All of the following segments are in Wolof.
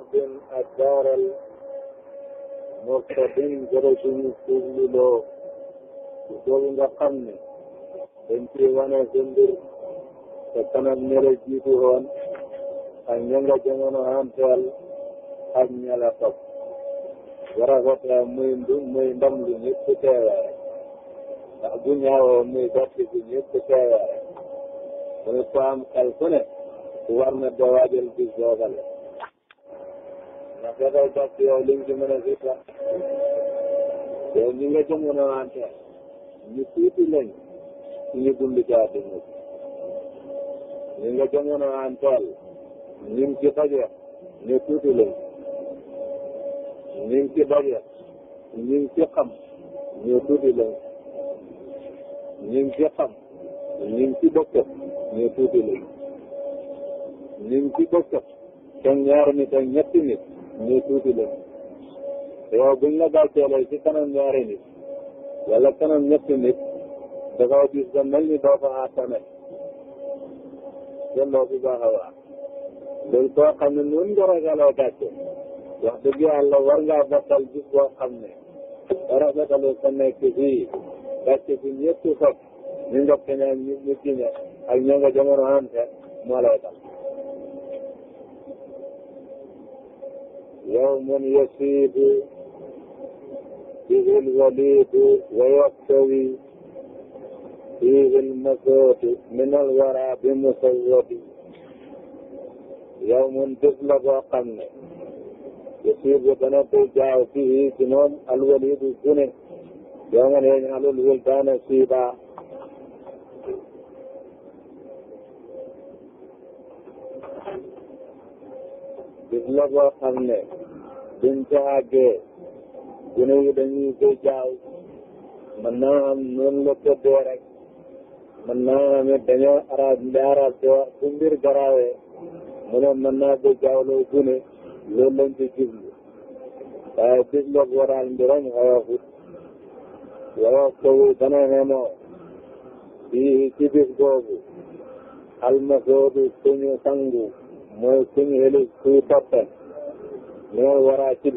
ard ak daaral murtadin jërë suñu sugliloo su boobu nga xam ne dañ ci wane sa mbir kanam ña la jiitu woon ak ña nga jamono anteel ak ña la topp warafata muy ndu muy ndam lu ñëpp teewaare ndax ñaawoo muy gàtti bu ñëpp teewaare mu ne xel ku ne war na doo waajal bis rafetal topp yow li nga ci mën a sikkal yow ñi nga ci mën a wante ñu tuuti lañ ñu dund ci àddina ñi nga ci mën a wanteel ñu ngi ci daje ñu tuuti lañ ñu ngi ci daje ñu ngi ci xam ñu tuuti lañ ñu ngi ci xam ñu ngi ci bokk ñu tuuti ñetti nit ñuy tuuti leen yow buñ la gàllankoor ci kanam ñaari wala kanam ñetti nit dafa gis ba mel ni doo ko àttane jëndoo bu baax a baax loolu koo xam ne nun nga ragaloo gàcce wax dëgg yàlla war ngaa battal gis boo xam ne rafetalu sa nekk fii gàcce bi ñëpp foog ñu njëkk ñaan ñu ñu ak ñoo nga jamono am te moo lay yawmun yasiibu fiihi l-waliidu wa yaktawi fiihi l-masuudu min al-waraa bi musawwadi yawmun bés la boo xam ne yasiibu dana koy jaaw fiihi ci moom al-waliidu gune yawman yaj'alu l-wildaana shiiba bis la boo xam ne buñ ci àggee gune yi dañuy koy jaaw naa am noonu la tëddee rek naa am it dañoo arab li arab mbir garaawee mu ne naa ko jaawloo gune loolu lañ ci jublu waaye bis la boo daal mbiram xayofut woyof kowu dana xemoo ci bis boobu almasoodu suñu sangu mooy suñu xelu suy toppe mooy waraa ci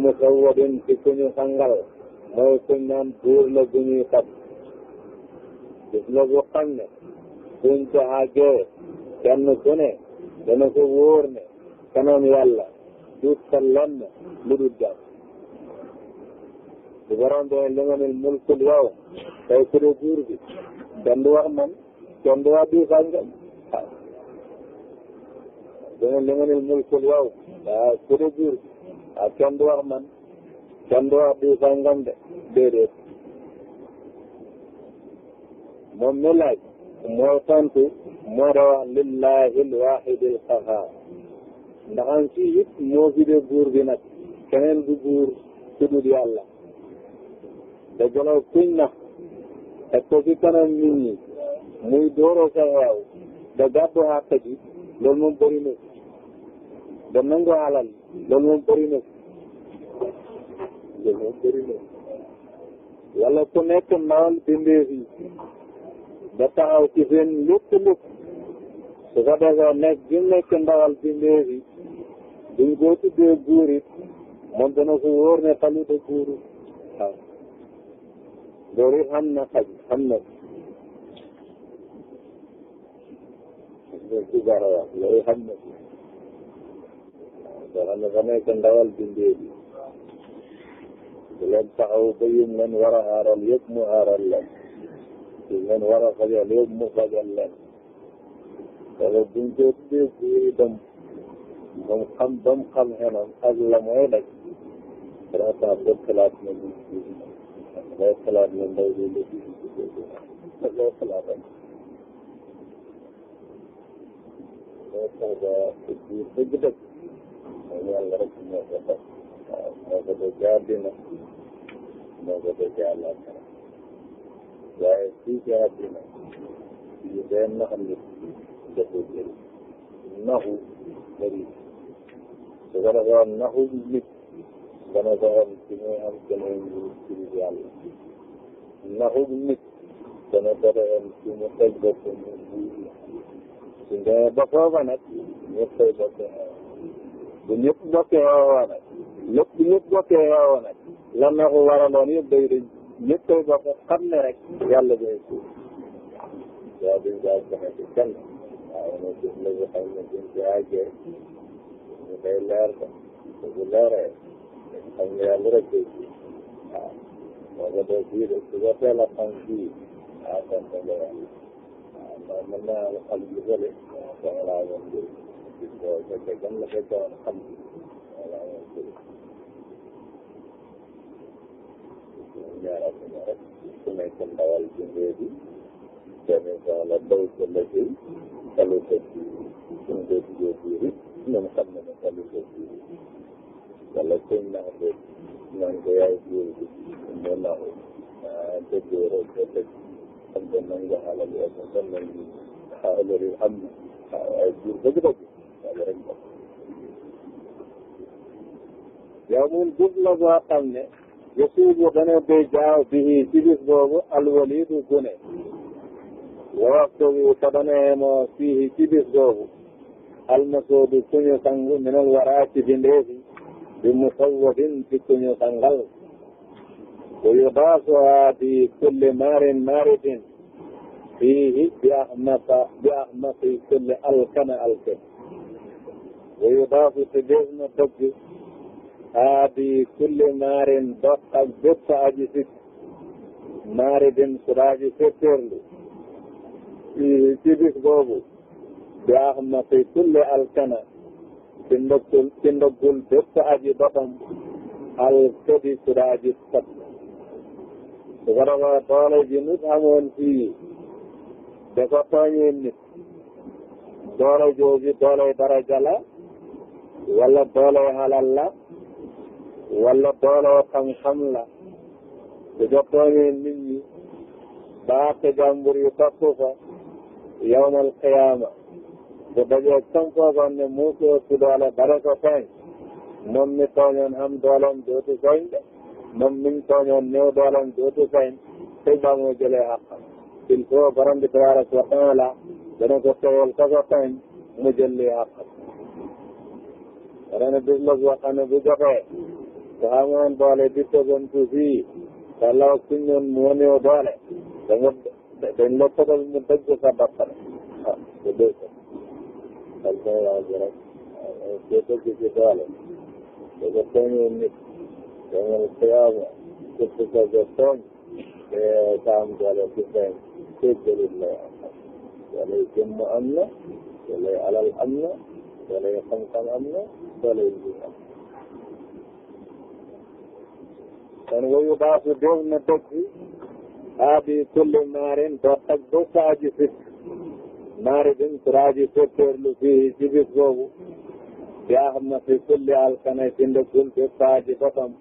mu saw wadin ci suñu sangal mooy suñ naan buur la bu ñuy tab gis la bu xam ne suñ ko àggee kenn ku ne dana ko ne kanam yàlla duut sa lenn lu dul jàpp su borom bi li nga ne mulkul yow tey ku bi kenn du man kenn du wax bii dinañ a ma ne mulkul waaw ah ku man kenn du wax bii de déedéet moom mi laaj moo tontu moo da wax lillahi alwahidi alqahar ndax am moo fi buur bi keneen du buur ku dul yàlla da jëlaw kuñ nax teg ko ci kanam nit muy dooroo sa xeew da gàddu xàq ji loolu moom bëri da nangu alal loolu moom bëri loolu moom bëri wala ku nekk ndawal bindee fi da taxaw ci seen lépp lépp su ko defee nekk bi nekk ndawal bindee fi duñ koo tuddee buur it moom dana ko ne talu de buuru waaw loolu it xam wala nga fa nekk ndawal bindee bi bu leen taxaw ba yim leen war a aaral yëpp mu aaral leen yim leen war a fajal yëpp mu fajal leen wala buñ ko dégg itam ba mu xam ba mu xam xenam ak la mooy nag dana tax ba xalaat na lu day xalaat na ndaw bi lu day xalaat rek day xalaat dëgg dëgg moom yàlla rek moo ko def moo ko def ci àddina moo ko def ci àllaaxira waaye fii ci àddina yi day nax nit dafa jëri naxu bëri su ko defee naxu nit dana ko am ci muy am ci muy ci yàlla naxu nit dana ko am ci mu teg boppam mu suñ demee ba foofa nag ñëpp tey boppam bu ñëpp bokkee yeewoo nag lépp bu ñëpp bokkee yeewoo nag la neexu waraloon yëpp day dañ ñëpp koy bokk xam ne rek yàlla day suuf waaw duñ ko ak keneen ci kenn waaw nag gis nga ñu xam ne buñ ci àggee ñu koy leer ko te bu leeree dañ xam ne yàlla rek day suuf waaw boo ko dee fii de su ko teel a xam fii waaw kon dama yàlla waaw ndax mën naa xam lu bëri dama laa doon gis nga bu fekkee gan la fekkoon xam wala moom tur ñaaral ko rek ku nekk ndawal jundee bi kenn soxla daw ko lëggéey salu ko ci suñu dee duggee biir yi ñoom xam na ne salu ko biir yi wala kuñ nax de ñaan ko yaay biir bi mu naxu dëggee rek ko dëgg xam nga nangu xalal yoo ko xam nañ ni xaalari am ay biir dëgg-dëgg yàlla rek moom mun jëf la boo xam ne yasuubu dana béy jaaw bii ci bis boobu alwalidu gune wa waxtu bi te dana yemoo fii ci bis boobu almasoodu ku ñu sang minal waraa ci bindee fi bi musawwadin ci ku ñu sangal maarin maaritin fiihi bi axmasa bi axmasi kulli alkana alkana wayu daafu te def na dogg haadi kulli maarin dox ak aji sit maari din suraaji fetteerlu ci bis boobu bi axmaqi kulli alkana ci ndoggul ci ndoggul bépp aji doxam alkadi suraaji sat su doole ji nit amoon fii da ko nit doole jooju doole daraja la wala doole halal la wala doole xam-xam la bu jottooñee nit ñi baaxe jàmbur yu topp fa yawmal qiyaama bu dajee kam foogoon ne moo ko ëpp doole bare ko feeñ moom mi tooñoon am dooleem dootu feeñ moom mi ñu tooñoon néew dooleem dootu feeñ te ba moo jëlee xaqam il faut borom bi tabaaraka wa taala dana ko teewal ka ko feeñ mu jël li dana ne bés la boo xam ne bu jotee su amoon doole di tëggoon suuf yi wala ku ñëw moo néew doole da nga mu dëgg sa bopp rek ah bu dee ko dañ koy wax bi rek boo dëgg ci doole da nga tooñee am doole ci feeñ am na wala alal am na wala xam am na kon wayu baasu déew na dëkk abi kulli maarin doo tag ba saaji sikk maari din suraaji sotteerlu fii ci bis boobu yaa xam na fi kulli alkane ci ndëkkul bi saaji boppam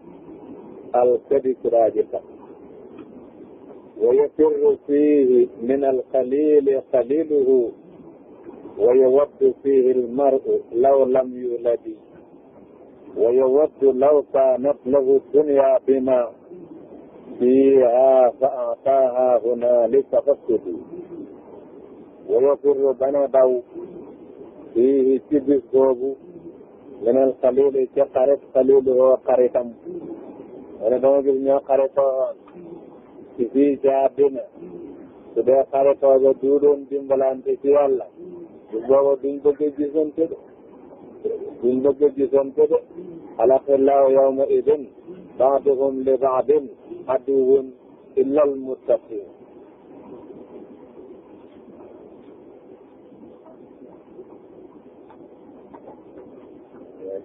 alkadi suraaji tax ويفر فيه من القليل قليله ويود فيه المرء لو لم يولد ويود لو كانت له الدنيا بما فيها فأعطاها هنالك فاسكتي ويفر dana daw fii ci bis boobu leneen xalili ci xarit xalili woo xaritam wala dama gis ñoo xaritoo ci fii ci àddina su dee xaritoo ba duudoon dimbalante ci yàlla bis booba duñ bëgg gisante de duñ bëgg a gisante de alaqillaahu yawma idin baaduhum li baadin aduwwun illal muttaqiin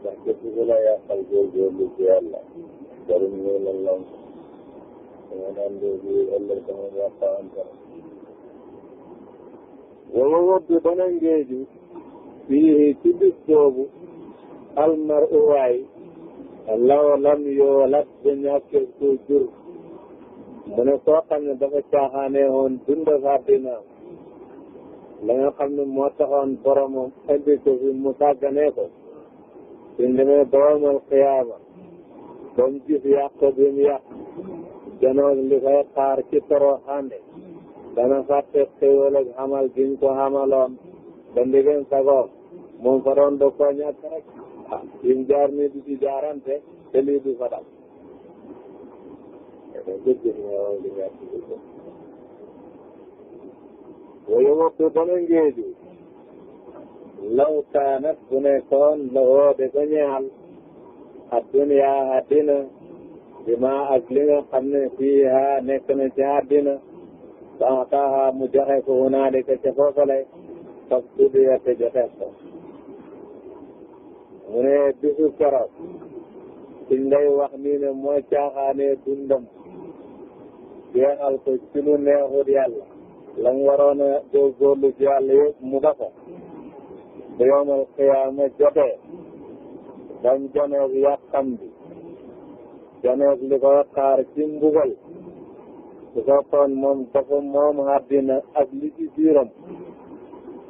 ndax képp ku la yàqal góorgóorlu ci yàlla jarum ñu la lonk dama naan léegi ëllëg dama yàqaan dara. wala wóor bi ba na ngéeju fii ci bis boobu almar uwaay law lam yoolat da ñàkke ko jur mu ne koo xam ne dafa caaxaane woon dund ak àddina la xam ne moo taxoon boromam indi ko fi mu sàgganee ko suñ demee boromal xiyaama ba mu gis yàq bi mu li koy xaar ci toroo xànde dana fàtte xéwal ak xamal giñ ko xamaloon ba ndigeen sagoom moom fa doon doog koo ñàkk rek ah yim jaar nii du ci jaarante te lii du fa dal eh, wayu wokku ba mu ngeeju law kaanat bu nekkoon la woo de ko ñaal adduniya addina bi ma ak li ne fii ha nekk na ci addina mu taxa mu joxe ko hunaalika ca foofale fab tudd ya te joxe ko mu ne bisu keroog suñ lay wax nii ne mooy caaxaanee dundam jeexal ko ci lu neexut yàlla la mu waroon a góorgóorlu ci yàlla yëpp ba yoomal xiyaama jotee bam janoog yàqam bi janoog li koy xaar ci mbugal moom dafa moom àddina ak li ci biiram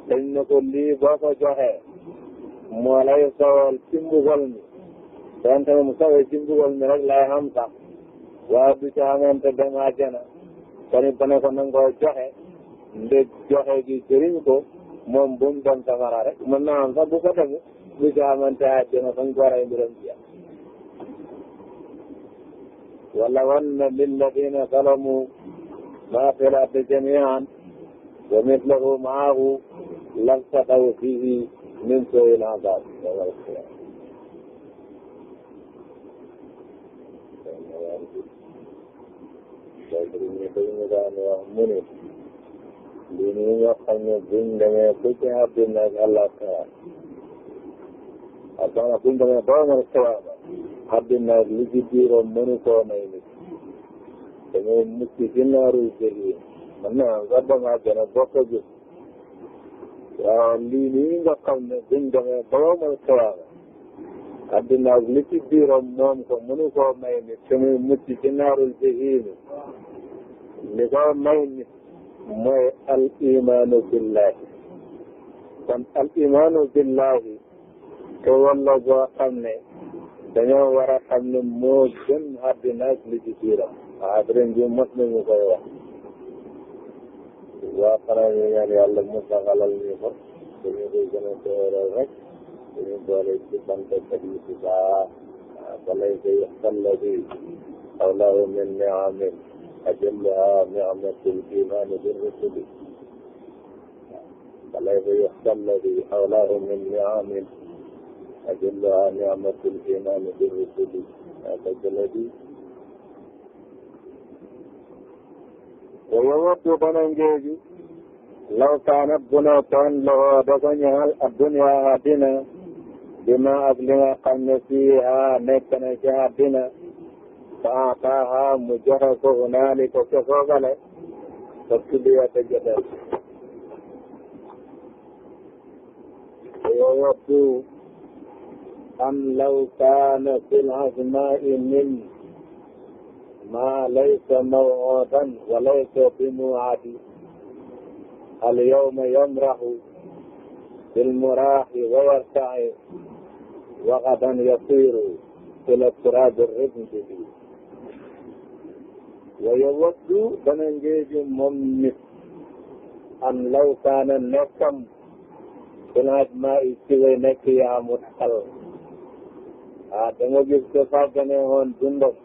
dañ ne ko lii boo ko moo lay sowal ci mbugal mi donte mu sowee ci mbugal mi lay xam sax du ci dem àjjana kon it ba ko nanga joxe ndég joxe gi jëriñ ko moom bu dem safara rek mën naa am sax bu ko defu du ci xamante àjjana fañ ko rey mbiram jeex wala wanna lilladina zalamu maa fil ardi jamian wa mislahu maahu laftadaw fihi min soo il adab yawmal qiyaama mu ne lii nii nga xam ne buñ demee ba ci àddina ak àllaaxira ak maanaam buñ demee ba yawmal qiyaama àddina ak li ci biiram mënu koo may nit dañoo mucc ci naaru jëriñ mën naa nga dem àjjana bokk gis waaw lii nii nga xam ne buñ demee ba yawmal qiyaama adduna ak li ci biiram moom ko mënu koo may nit te muy mucc ci naarul jahiim li koo may nit mooy al imaanu billahi kon al imaanu billahi te walla boo xam ne dañoo war a xam ne moo gën adduna ak li ci biiram. waaw affaire bi mos nañu koy wax. waa xanaa ñu ñaan yàlla mu saxalal ñu ko dañu koy gën a teeral rek dañu boole ci sant teg ñu ci baax balay ko yaxsan la bi xawlahu min niamin ajalluha niamatul iman bi rusuli balay ko yaxsan la bi xawlahu min niamin ajalluha niamatul iman bi rusuli wa yowattu kono ngeeju law kaanat bu nekkoon loxo dafa ñaal adduna àddina bi ma ak li nga xam ne fiiha nekk na ci àddina fa ataaha mu joxe ko hunaalika ca foogale fa tuliya te jëdal wa yowattu an law kaana fi l asmaa'i min ما ليس موعدا وليس بموعد اليوم يمرح بالمراح ويرتعي وغدا يصير إلى التراب الرمز ويود dana ngeej moom nit am law kaana nekkam bilaaj maa i ci way nekk yaa mu xel ah dama gis ko sàggane woon dundam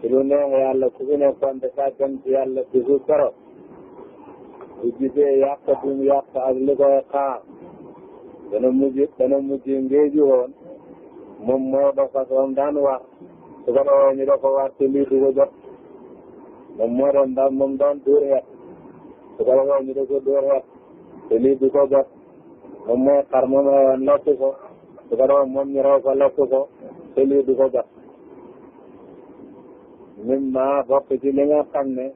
ci lu neex yàlla ku fi nekkoon de sàggan ci yàlla bisu koro bu gisee yàq duñ yàq ak li koy xaar dana mujj dana mujj ngéeju woon moom moo dox façon daan war su ko doon ñu doon ko war ci lii du ko jot moom moo doon daan moom daan dóor xet su ko doon ñu doon ko dóor xet te lii du ko jot moom mooy xar moom rewoon lekk ko su ko doon moom ñu rew ko lekk ko te lii du ko jot mimma bokk ci li nga xam ne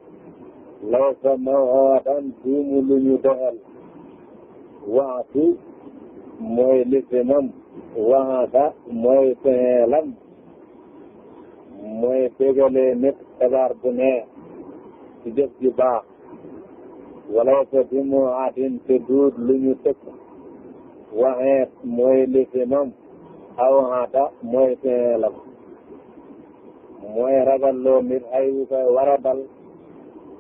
law sa mawaadan duumu lu ñu doxal waxtu mooy lisimam waxaata mooy fexeelam mooy bégalee nit xabaar bu neex ci jëf ji baax walaw sa dimuaatin te duut lu ñu tëkk waxeet mooy lisimam aw xaata mooy fexeelam mooy ragal loo nit ay wu koy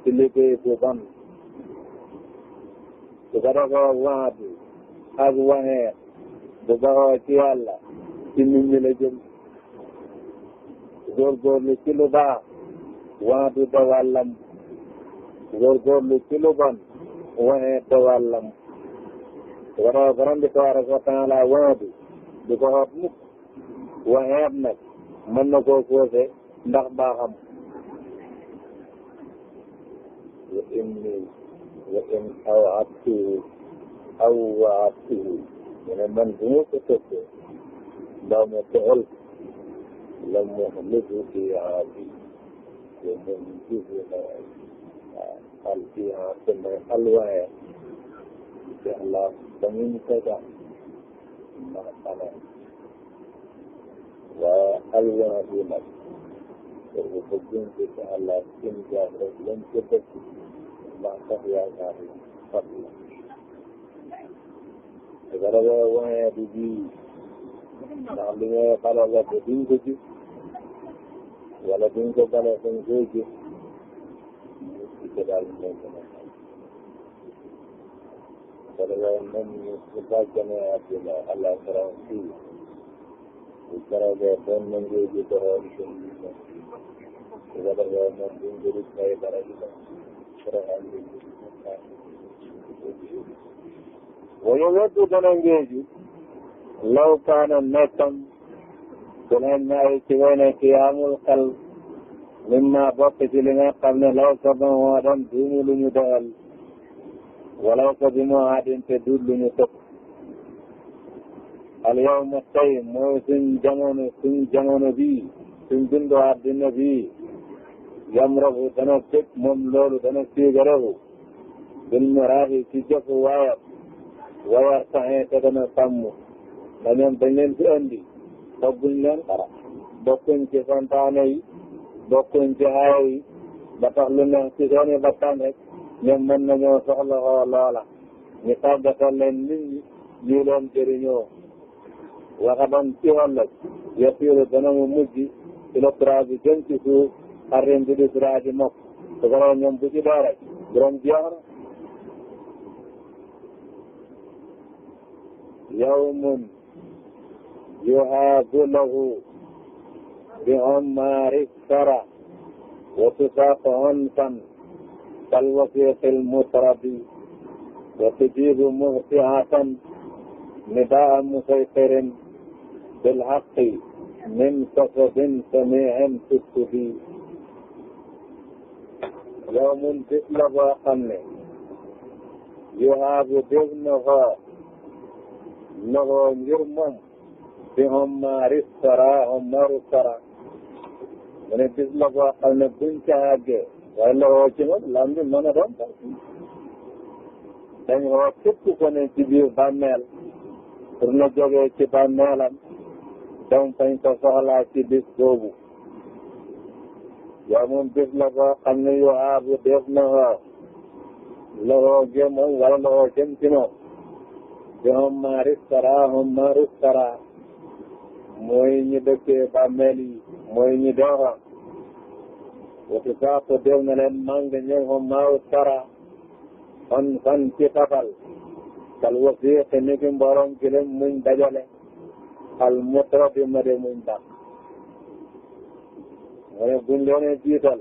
ci liggéey bu bon su ko defee ak waxee bu baxoo ci yàlla ci nit ñi la jëm góorgóorlu ci lu baax wax du dawàllam góorgóorlu ci lu bon waxee dawàllam su ko defee borom bi tabaraka wa taala wax bi du ko xoot mukk waxeet nag mën na koo foose ndax baaxam wa inni wa in aw abtuhu aw wa abtuhu mu ne man bu ma ko toppee mbaa ma toxal la muxliku iaabi wa munjibu na al iaate mooy alwaaya ixlaas damin kaga ndax ana waa alwaaya bi nag pour bu bëggoon incha allah seen jaam rek lañ ca dëkk ndax sax yaakaar la la te dara boo waxee du bii li ngay xalal la te duñ ko gis wala duñ ko bale dañ koy gis ci ca daal ñu lay gën a xam dara boo moom ñu su bàjjanee àddina bu keroogee ba nangoo ji doxoo itam bu ko defee moom bu njëriñ lay dara itam keroog am wayu weddu dana ci li nga xam ne law ko ba moo doon duumu ko bi moo aadinte duut lu ñu tëpp al yawma tey mooy suñ jamono suñ jamono bii suñ dundu àddina bii yamrabu dana tëg moom loolu dana siigarebu bil muraahi ci jëfu waayam wayar saxee te dana sàmm da ñoom dañ leen fi andi togguñ leen dara bokkuñ ci santaane yi bokkuñ ci aaya yi ba tax lu neex ci seeni bakkan rek ñoom mën nañoo soxla loola ñu tàggatal leen nit ñi ñu leen waxaban ci wàllas yasiru dana mu mujj ila turaabi jëm ci arrin bi di turaabi mokk su ko loolu ñoom bu ci doo rek juróom jeex na yawmun yuhaabu lahu bi ummaari sara wa tusaaqu unfan kal wasiiqil mutrabi wa tujibu muhtiatan nidaa musayqirin بالحق من قصد سميع في السبيل يوم مثل boo xam ne yuhaabu def na ko loxo ngir moom fi hommaari sara hommaaru sara mu ne bis la boo xam ne buñ ca àggee waaye loxo ci moom lam bi mën a doon dañ ko képp ko ne ci biir bàmmeel pour na jógee ci bàmmeelam tam fañ ko soxlaa ci bis boobu yow moom bis la koo xam yu aabu def na waaw loxoo jëm wala loxoo jëm ci moom joxam maaris tara hom maaris tara mooy ñi dëkkee bàmmeel yi mooy ñi deexoon wati saako def na leen mang ñëw hom maarus tara fan fan ci tabal kal wasiiqi ni ki mborom muñ dajale al mutarabima de muñ dàq mu ne buñ doonee jiital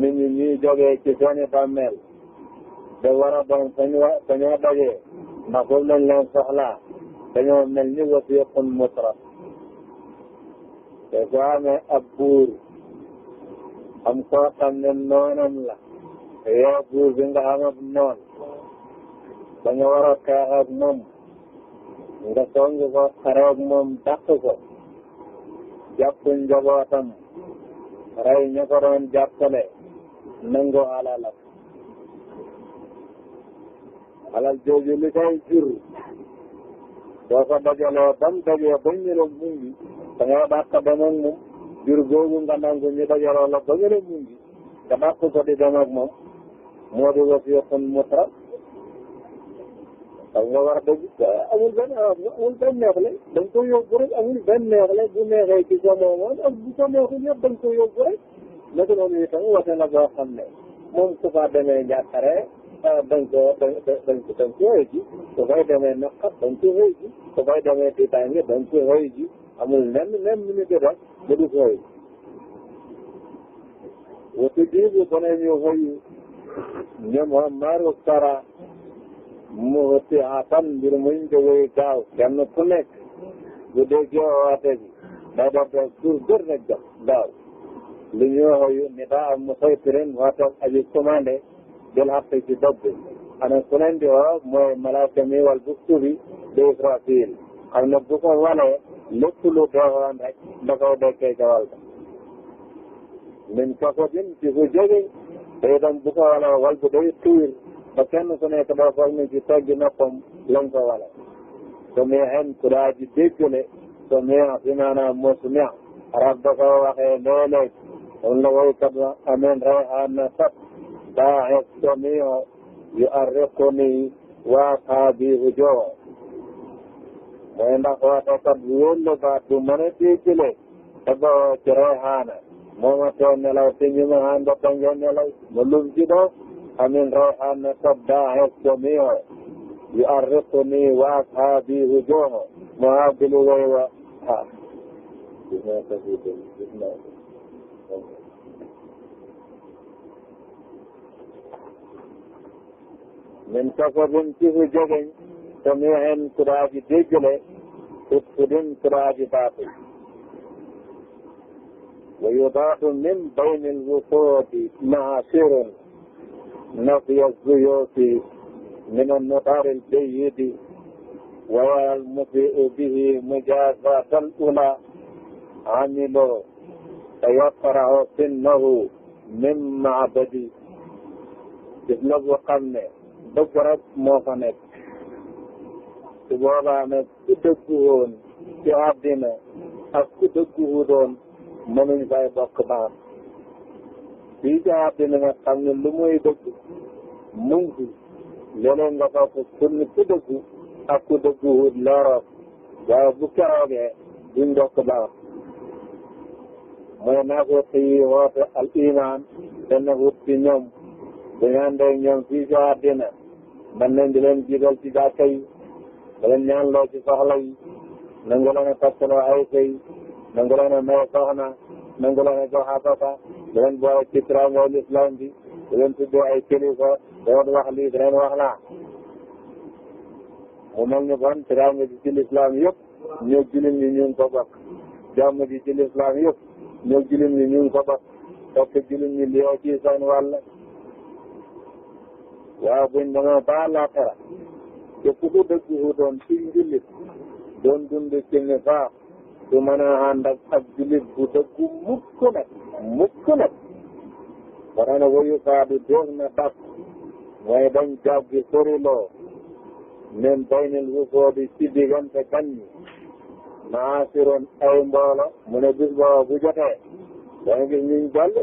nit ñi ñuy jógee ci seeni bàmmeel da war a doon sañu sañoo dajee ndax foofu lañ leen soxlaa dañoo mel ni wasiqun mutarab te soo amee ab buur am koo ne noonam la te yow buur bi nga xam noon ba nga war a xeex nga song ko xarew moom dàq ko jàpp njabootam rey ña doon jàppale nango alalam alal jooju li jur boo ko dajaloo ba mu dajee ba ñu la mungi da nga dàq dem ak jur googu nga nangu ñu dajaloo la ba ñu mungi nga dàq ko di dem ak moo di wasiyatun mutlaq xam nga wax dëgg amul benn amul benn neexle da nga ko yóbbu rek amul benn neexle bu neexee ci sa moomoon ak bu sa neexul yëpp da nga ko yóbbu rek naka noonu itam wate na boo xam ne moom su fa demee njàqare dañ ah, ko dañ dañ ko dañ ko xëy ji su fay demee naqar dañ ko xëy ji su fay demee tiitaange dañ ko xëy ji amul lenn lenn lu ñu di def lu du xëy wate bii bu ko nee ñu xëy ñu Muammar Sara mu ci atam mbir muñ de way gaaw kenn ku nekk bu déggee bi day def def suur gër nag jox gaaw li ñu waxoyu ni daa am mu saytirin waatam aji commandé ana ku di woo mooy malaaka mi wal de Israfil xam ne bu ko wanee lépp lu doxoon rek da koy dekkee ca wal ci fu jóge te itam bu ko wal bu day tuur ba kenn ku nekk daa foog ne ci toggi noppam lañ ko wala sami'an ku daa ji déggale sami'a bi maanaam musmi' arab da ko waxee léeg-léeg moom la woykat wa amen rayhaan na sab baaxee sami'o yu'arriquni waa xaabi bu jowo mooy ndax waxekat bu wóolu baat bu mën a déggale te bawoo ci rayhaana moo ma tee nelaw te ñu ma ànd ko ngeen nelaw ma lum ci amin rawhan صباح السميع يؤرقني وأصحابي هجوم معادل وهو من كسب كهجر سميع كراج دجلة أسفل كراج باطل ويضاف من بين الوفود مع سر نفي الزيوت من النطار الجيد ويا المسيء به مجازاة الأولى عمل فيقرع سنه من معبدي gis nga boo xam ne dëgg rek moo fa nekk su boobaa nag ku dëggu woon ci àddina ak ku dëggu wutoon mënuñ fay bokk baam fii jaa dina nga xam ne lu muy dëgg mu ngi fi ku dëgg ak ku dëgg wut leeroon waaye bu keroogee duñ naa ko xëy woote al iman dana wut ci ñoom bu ñu ñoom fii jaa dina mën nañ di leen jiital ci jàkka yi ñaan loo ci soxla yi a takkaloo ay sëy nangu leen a may soxna nangu leen a jox da leen boole ci tramway islam bi da leen tuddee ay kilifa da leen wax lii da wax naa mu ni kon teraanga ji ci lislaam yëpp ñoo jullit ñi ñu ngi ko bokk jàmm ji ci lislaam yëpp ñoo jullit ñi ñu li yoo ci seen wàll waaye buñ demee ba àllaaxira te ku ko doon ci njullit doon dund ci nifaax du mën a ànd ak ab jullit bu dëggu mukk nag mukk nag warana wayu kaadu dóor na dàq mooy bañ jàpp gi soriloo min baynil wufoodi ci diggante kan ñi naasiroon ay mboola mu ne bis booba bu jotee danga gis ñuñ jàll de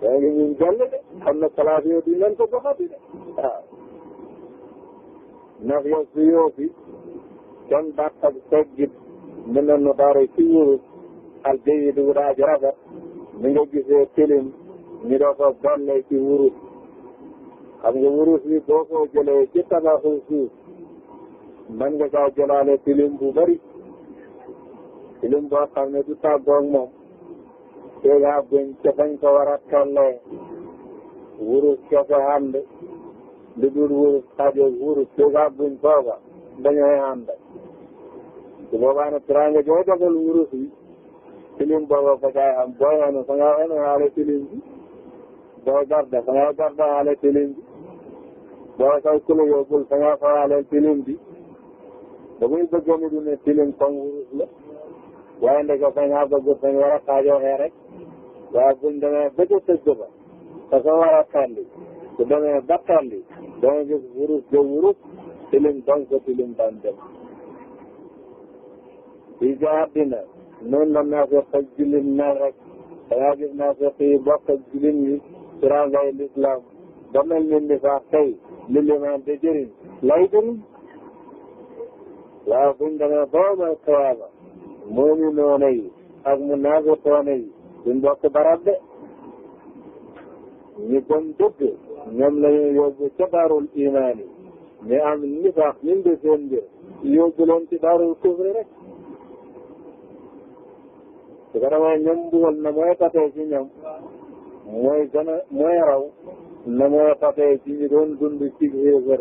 danga ñuñ jàll de na place yooyu duñ leen ko doxati de waaw naf yo su yoo fi kenn dàq mu ne nu daaru ci wurus al jayyid wu daaj rafet ni nga tilim ñu doo ko ci wurus xam nga wurus bi boo ko jëlee ci tabaxu suuf mën nga caa jëlaale tilim bu bëri tilim boo xam ne du tàggoog moom te yaa buñ ca fañ ko war a tollee wurus ca ko ànd lu dul wurus xajoog wurus te yaa buñ foofa dañooy ànd su boobaa nag teraanga joo dogal wurus yi tilim booba fa kaay am boo xam ne fa ngaa onewaale tilim bi boo garda fa ngaa gardawaale tilim bi boo calculé yóbbul fa ngaa fawaale tilim bi da muy bëgg mu dund tilim comme wurus la waaye ndeke fa ngaa bëgg fañ war a xaajoxee rek waaye buñ demee ba ca sëgg ba fa sa war a xandi su demee ba xandi dama gis wurus jo wurus tilim donc tilim daan dem fii ca àddina noonu la naafiq ak jullit mel rek dangaa gis naafiq yi bokk ak jullit ñi ci rangay lislaam ba mel li limaan de jëriñ lay jëriñ waaw ba yawmal qiyaama muuminoona yi ak munaafiqoona yi duñ bokk barab de ñi gëm dëgg ñoom la ñuy yóbbu ca daarul imaan yi ñu am nifaaq ñu ngi seen mbir yóbbu leen ci su ko defee ñoom mbugal na mooy tatee ci ñoom mooy gën a mooy raw na mooy tatee ci ñu doon dund ci xéefër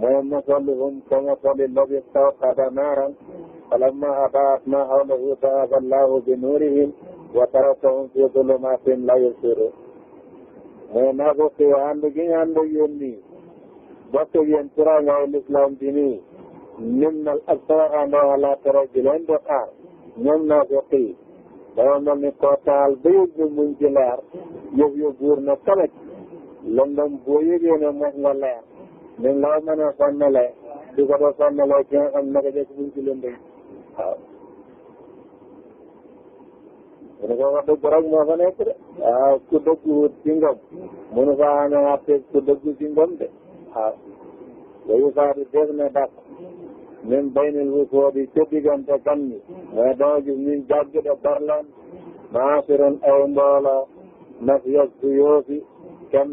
mooy masalluhum kamasali lladi istawqada naaran falamma adaat ma hawlahu dhahaba allahu bi nuurihim wa tarakahum fi zulumatin la yubsiruun mooy naa ko fi ànd gi ñu ànd ak yéen nii bokk ak yéen turaangaay lislaam bi nii nim nal ak sama àndoo xalaat rek di leen di xaar ñoom naa ko xii dama mel ni koo taal ba yëg ne muñ ci leer yëf yu buur na tamit lëndëm boo yëgee ne mos nga leer ni nga ko mën a sonnalee di ko doon sonnalee ki nga xam naka jëkk muñ ci lëndëm waaw. mu ne ko wax dëgg rek moo fa nekk de waaw ku dëgg wut ci ngëm munu fa amee àtte ku dëgg ci ngëm de waaw yooyu saa di dégg na dàq min baynil wusoodi ca diggante kan bi mais dama gis ñuy jàgg da maasiran ay mboola nas yog su yoofi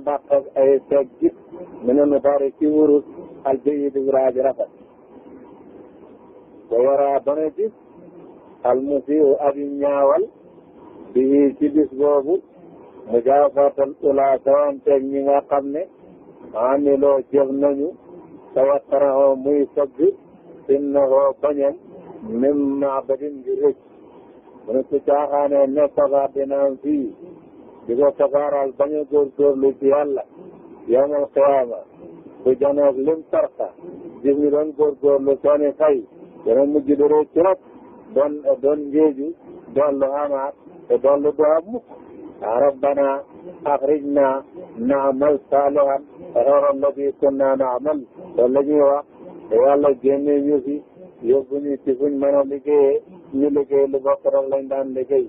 ak ay teg jit nu fari ci wurus al jayyid raaji rafet ba waraa dana gis al ñaawal bi ci bis boobu mu jaafatal ulaa ñi nga xam ne amiloo jëf nañu tawattaraxoo muy sëgg innahu bañam min maabadin ngir rëcc mu ne su caaxaanee ne safa dinaam fii di ko safaaral bañ a góorgóorlu ci yàlla yawmal qiyaama bu janoog lim tarta jëf ñi doon góorgóorlu seeni fay dana mujj di rëcc rek doon doon njeeju doon lu amaat te doon lu doo am mukk rabbana axrijna naamal saalihan xayra alladi kunna naamal loolu la ñuy wax te yàlla génne yëf yi yóbbu ñu ci fuñ mën ñu liggéey li bokk rek lañ daan liggéey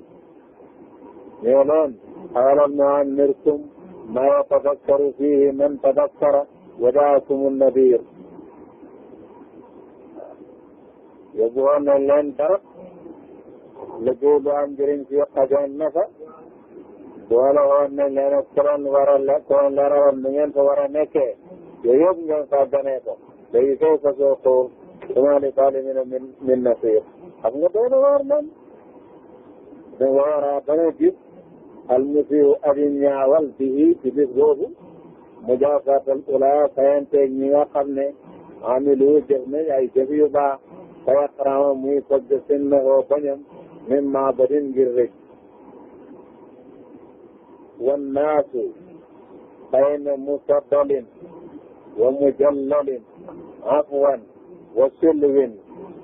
ñoo doon awalam na anmirtum ma yatadakkaru fihi man tadakkara wa jaakumu nadir yóbbu woon nañ leen dara liggéey lu am njëriñ fi xajoon na fa boole woon leen ak koron war a le koron leeraloon fa war nekkee yooyu ngeen fa ganee léegi kayfa suuqu wa ma li zaalimiina min nasiir xam nga doon na waar man da nga waraa dana gis al musii'u ñaawal bihi ci bis boobu mujaazatal ulaa fayanteeg ñi nga xam ne amilu jëf nañ ay jëf yu baax tawatrama muy fëgg seen bañam min maa badin ngir rek wannaasu bayna musaddalin wa mujallalin عفوا وسلو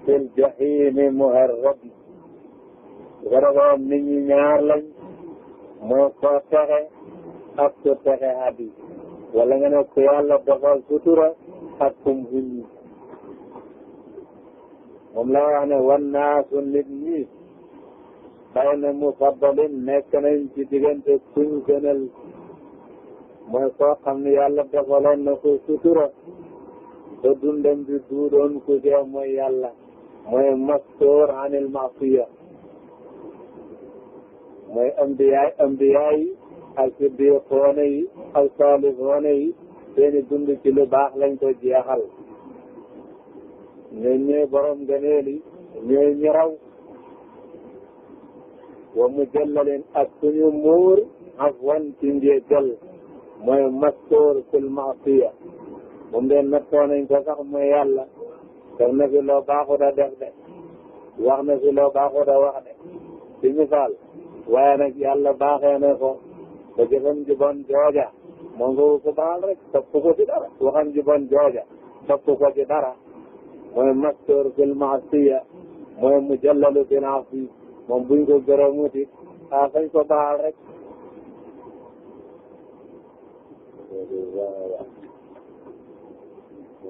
في الجحيم مهرب غرضهم ني ñaar lañ moo ko texe ak ku texe abi wala nga ne ku yàlla doxal sutura ak kum hunni moom la wax ne wan nit ñi xëy na mu faddalin nekk nañ ci diggante kuñ gënal mooy koo xam ne yàlla doxaloon na ko sutura te dundam bi du doon ku see mooy yàlla mooy mastoor anil maasiya mooy ambiyaay ambiyaay ak siddiqoona yi ak saalihoona yi seeni dund ci lu baax lañ ko jeexal ñooy ñooy borom gëneeli ñooy raw wa mu jëllaleen ak suñu muur afwan ci njéegal mooy mastoor fil maasiya moom de nattoo nañ ko sax mooy yàlla def na fi loo baaxut a def wax na fi loo baaxut a wax de ci misaal waaye nag yàlla baaxee na ko ba jëfam ju bon jooja moom nga ko baal rek topp ko ci dara waxam ju bon jooja topp ko ci dara mooy mastur fil maasiya mooy mujallalu fil asi moom buñ ko gërëmuti ah fañ ko baal rek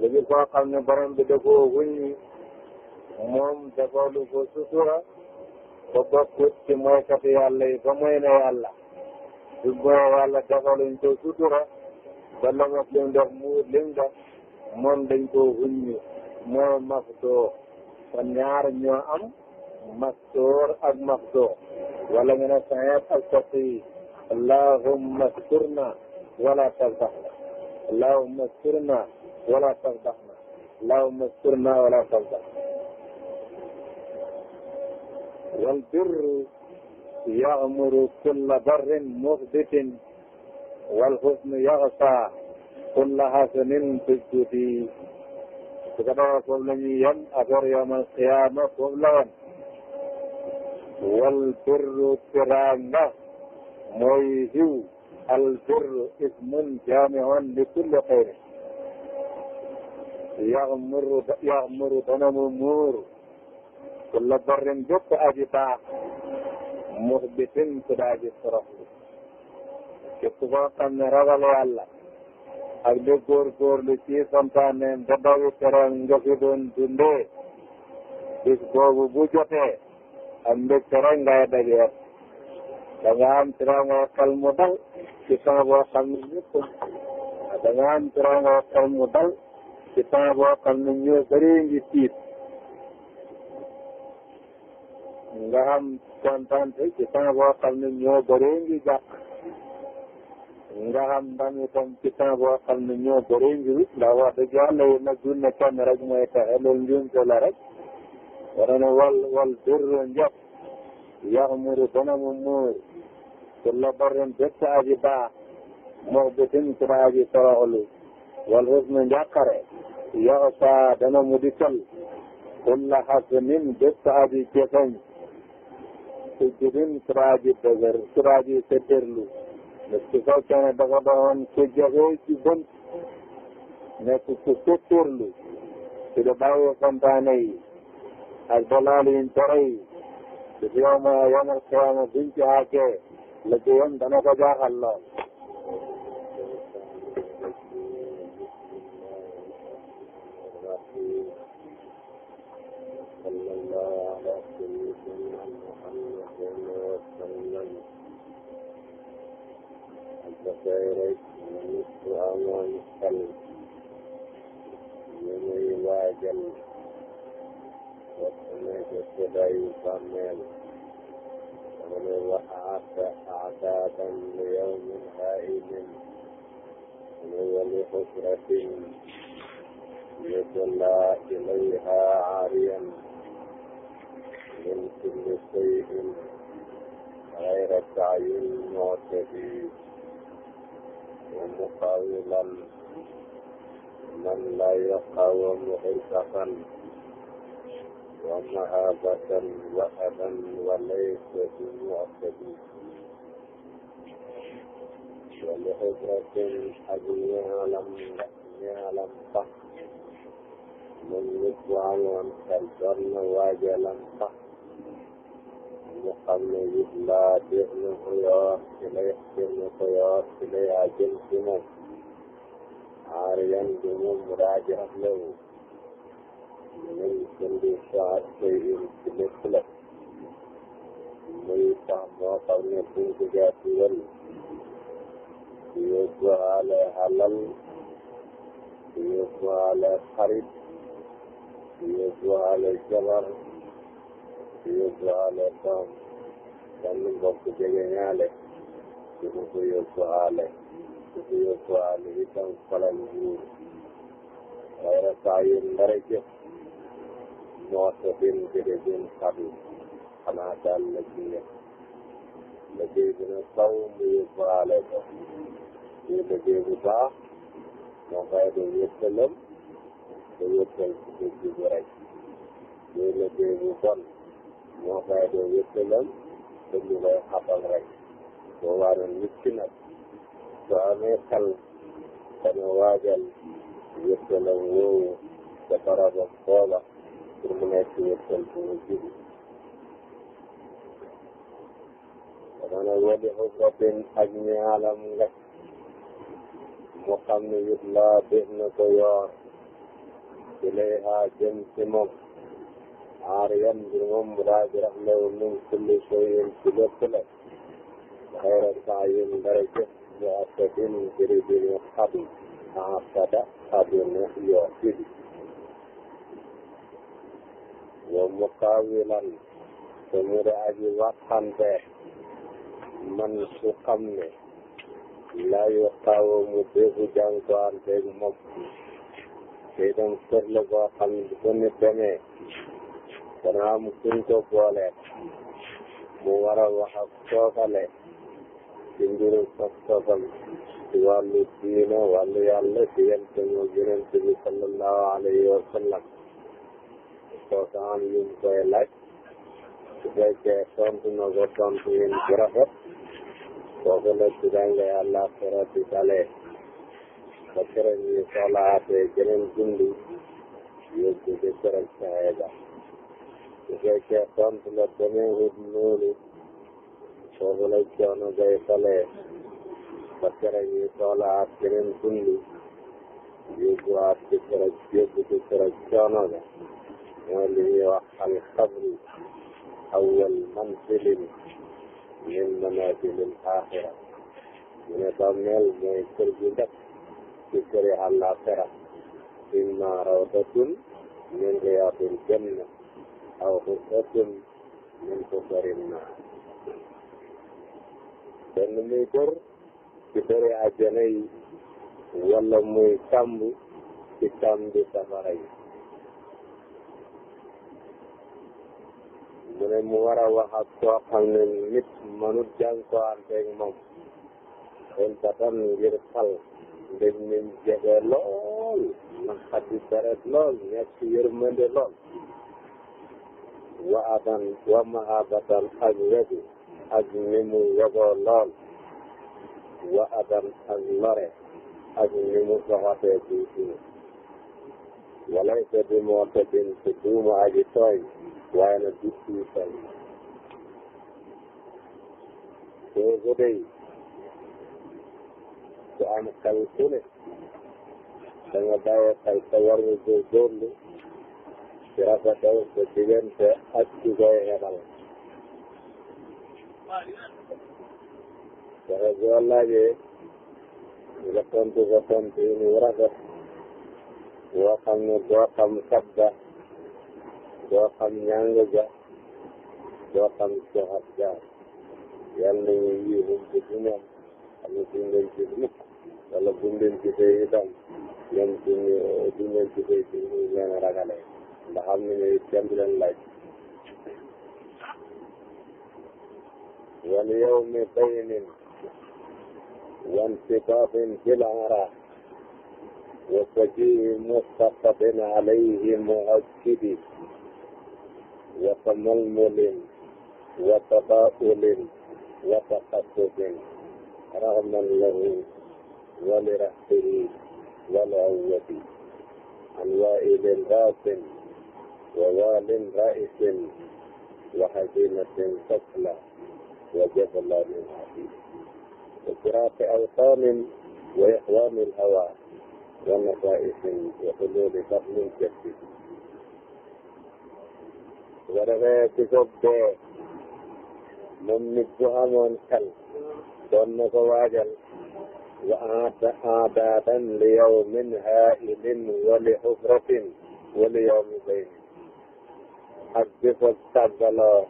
léegi koo xam ne borom bi da koo moom dafa lu ko sutura ba bokkut ci moykat yàlla yi ba moy na yàlla su mooy yàlla dafa luñ ko sutura ba lomot lim def muut lim def moom dañ koo wuññi mooy maftoor kon ñaar am maftoor ak maftoor wala nga ne sayet ak taqiyi allahumma asturna wala tafdaxna allahumma asturna wala tafdaxna allahumma asturna wala tafdaxna wal birru yamuru kulla barrin muxditin wal xusnu yaxsa kulla xasanin tujjudi su ko defee foofu la ñuy yem affaire yawmal qiyaama foofu la woon wal birru teraanga mooy hiw al birru ismun jaamiun li kulli xayrin yaxmuru yaxmuru dana mu muur kulla barrin bépp aji baax muxbitin ku daa ji toroxlu képp koo xam ne ragal yàlla ak di góorgóorlu ci santaane da dawi tereem nga fi doon dundee bis boobu bu jotee am mbégte rek ngay dajeer da nga mu dal ci sama boo xam ne lépp da nga am teraanga mu dal ci temps boo xam ne ñoo bëree ngi tiit nga am kontante ci temps boo xam ne ñoo bëree ngi jàq nga am ndam itam ci temps boo xam ne ñoo bëree ngi wut ndax wax dëgg yàlla yi nag du ne kenn rek mooy taxe loolu njuumte la rek wala ne wal wal birru njëkk yaxmuru dana mu muur te la barren bépp aji baax mox bitin ci aji toroxlu wal xusnu njàqare yoo saa dana mu di toll kulla xasnin bépp aji jëfañ sujudin turaaji dëgër turaaji sëddërlu ndax su fekkee ne dafa doon ku joxe ci bunt nekk ku sëddërlu ci lu bàyyi santaane yi ak dalaal yi tere yi su yow ma yomal xiyaama buñ ci àggee la ci yom dana ko jaaxal lool basayre nit ku amoon xel ñu muy waajal bokk na ca teddayu bàmmeel dama ne wa aataaban li yawmin haainin ne wali xusratin yudla ilayha aariyan min kulli shay'in غير تعيين معتدي wa muqaawilan man laa yuqaawamu wa mahabatan wa adan wa laysa bi mu'tabi wa li xibratin ak ñaalam ñaalam sax mu xam ne yëf laa def na ko yor ci lay def na ko yor ci lay ajëm ci moom aariyan di moom muraajaat lewu min kulli saat shay'in ci lépp la muy tax moo xam ne buñ ko jaatuwal di yóbbu xaale xalal di yóbbu xaale xarit di yóbbu xaale jabar yóbbaale doom kenn mbokk jege ñaale di ko ko yóbbaale di ko yóbbaale itam falal nguur xayra saa yu ndara moo sa bin jërëjën xatu xanaa daal la ci nekk liggéey bi nag faw mu yóbbaale ko muy liggéey baax moo koy doon wéttalam te wéttal ci dëgg bu rek bon moo koy dee wéttalam te ñu koy xatal rek boo waaroon nit ki soo amee xel dana waajal wéttalam woowu ca barabam booba pour mu nekk wéttal bu mu jiwu dama ne wadi xubatin ak ñaalam nga mu xam ne it laa def na ko yoor ilayha jëm ci moom xaariyan ngir moom mu daal di rafetlu min kulli shay'in ci lépp la xayra saayin dara jëf mu asatin ngiri bi mu xabi asada xabi mu yoo sidi wa muqaawilan te mu de aji man su xam ne laa yu xaawa mu défu jànkuwanteeg moom te itam kër la boo xam ne bu nit dana am kuñ ko booleel mu war a wax ak kookale ci mbiru pas-pasam ci wàllu diina wàllu yàlla sallallahu alayhi wa sallam kooka am yum koy laaj su fekkee tontu na ko tontu yin bu rafet kooku la tudanga yàlla xira di dalee ba keroog ñu soxlaatee geneen dund yóbbu di keroog saxee ba bu fekkee tontu la demeewul noonu soobu la coono day falee ba kere ñuy soxlaat keneen kundi yóbbuwaat ci kërëj yóbbu ci kërëj coono ga mooy li ñuy wax alxabru awwal manzilin min manazilil axira mu ne bàmmeel mooy kër gi njëkk ci këri àllaaxira imma rawdatun min riyaadil janna aw xissatin min xusarin muy bor ci bori àjjana yi wala muy kàmb ci kàmbi safara yi mu ne mu war a wax ak koo xam ne nit mënut jànkuwanteeg moom kon tatan ngir xal ndeg min jege lool man xati deret lool ñàkk yërmande lool wa adan wa mahabatan ak wedu ak ni mu yogoo lool wa adan ak lore ak ni mu soxatee ci suuf walaysa bi moo tëddin te duuma aji tooy na du sii tooy kooku day am xel ku nga bàyyi xel te war nga ci rafetaw sa diggante ak ki koy xelal dafa soo laajee nga tontu ko tontu yu rafet boo xam ne doo xam ja doo xam coxat jaar yal nañu yiwum ci ci ñoom xam ne duñ leen ci mukk wala buñ leen ci tey itam ñoom duñ duñ ci tey ci ñu nga xam ne kenn du leen laaj wal yawmi baynin wansifaafin fil ara wa faji'i mustafatin alayhi muakkidi wa tamalmulin wa tabaulin wa taqassufin rahman lahu wa lirahbihi wa lawati an wailin raasin ووال رائس وهزيمة سفلى وجبلان عظيم وصراط أوطان وإقوام الهوى ونفائس وحلول بطن الجسد ورغee ci soog dee moom nit bu amoon xel doon na ko waajal wa aadaadan li yawmin haailin wa li xufratin wa li yawmi bayni ak di ko tàggaloo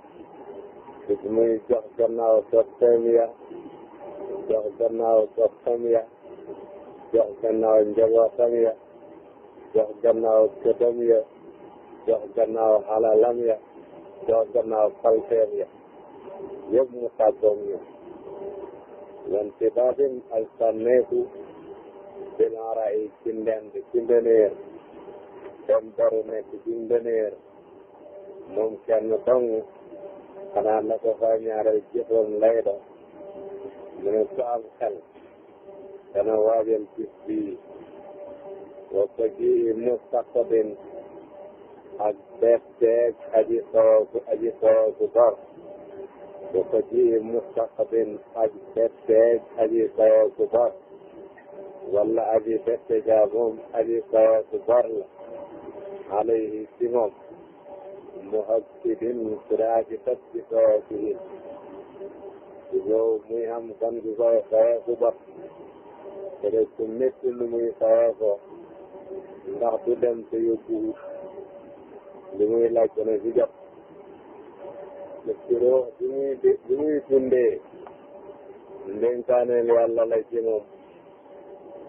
bis muy jox gannaaw soppeem ya jox gannaaw goxam ya jox gannaaw njabootam ya jox gannaaw këram ya jox gannaaw xalalam ya jox gannaaw falteem ya yëpp mu tàggoom ñu wanti daadin ak sànneeku bilaara yi ci ndend ci ndeneer dem baru nekk moom kenn dong xanaa na ko fa ñaareel jëfam lay doon mu ne ko am xel dana waajal gis bii wax ko ji mustaqbin ak def deeg aji aji soobu bor wax ko ji mustaqbin ak def deeg aji soobu bor wala aji def deeg moom aji soobu bor la alayhi si moom muhakkidin ku daa ci tëb ci soo ci hin ci soo muy xam kan ci soo xawee ku bot te de ku métti lu muy xawee ko ndax du dem te yóbbuwut li muy laaj ko ne si jot te ci roo muy bi muy dundee ndénkaaneel yàlla la ci moom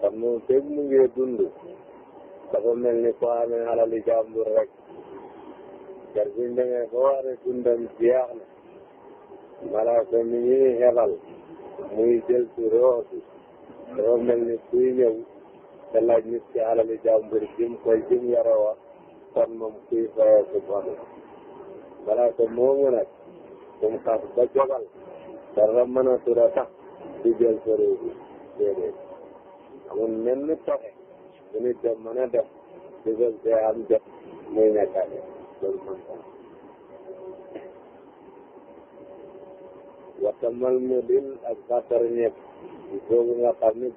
kon moom fekk mu ngi dund dafa mel ni ko amee alali jàmbur rek jar bu ñu demee ba war a dundam jeex na malaaka mi ñuy xelal muy jël ci roo bi dafa mel ni kuy ñëw te laaj nit ci alali jàmbur jim koy jim yarawa kon moom kuy fayoo ku bon malaaka moomu nag kum xas ba jogal dara mën a tura tax di jël sa roo bi déedéet amul ni pexe bu nit dem mën a def watamal mu din ak bàttar ñepp boobu nga xam ne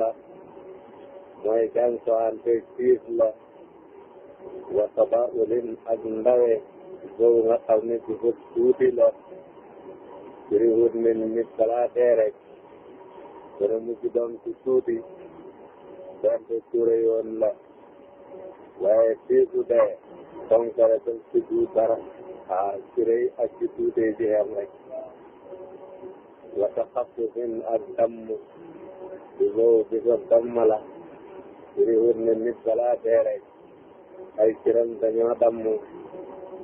la mooy jàng ante tiis la wataba ulin ak ndawe boobu nga xam ne bisu tuuti la jërihut min nit balaa dee rek dana mujj doon ci tuuti doonte ture yoon la waaye tiisu dee donc dara dem ci biir dara ah ci rëy ak ci tuute ci xel rek wa taxaffufin ak damm di wow di ne nit balaa dee ay ciram dañoo damm